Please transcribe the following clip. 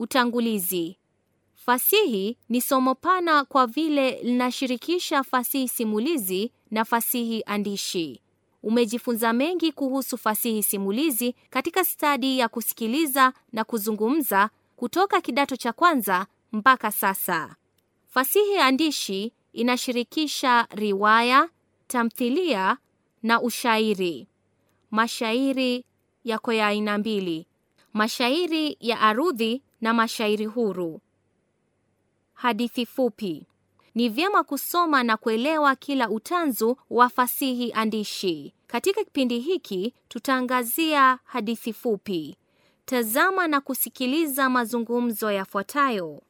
Utangulizi. Fasihi ni somo pana kwa vile linashirikisha fasihi simulizi na fasihi andishi. Umejifunza mengi kuhusu fasihi simulizi katika stadi ya kusikiliza na kuzungumza kutoka kidato cha kwanza mpaka sasa. Fasihi andishi inashirikisha riwaya, tamthilia na ushairi. Mashairi yako ya aina mbili: mashairi ya arudhi na mashairi huru. Hadithi fupi. Ni vyema kusoma na kuelewa kila utanzu wa fasihi andishi. Katika kipindi hiki tutaangazia hadithi fupi. Tazama na kusikiliza mazungumzo yafuatayo.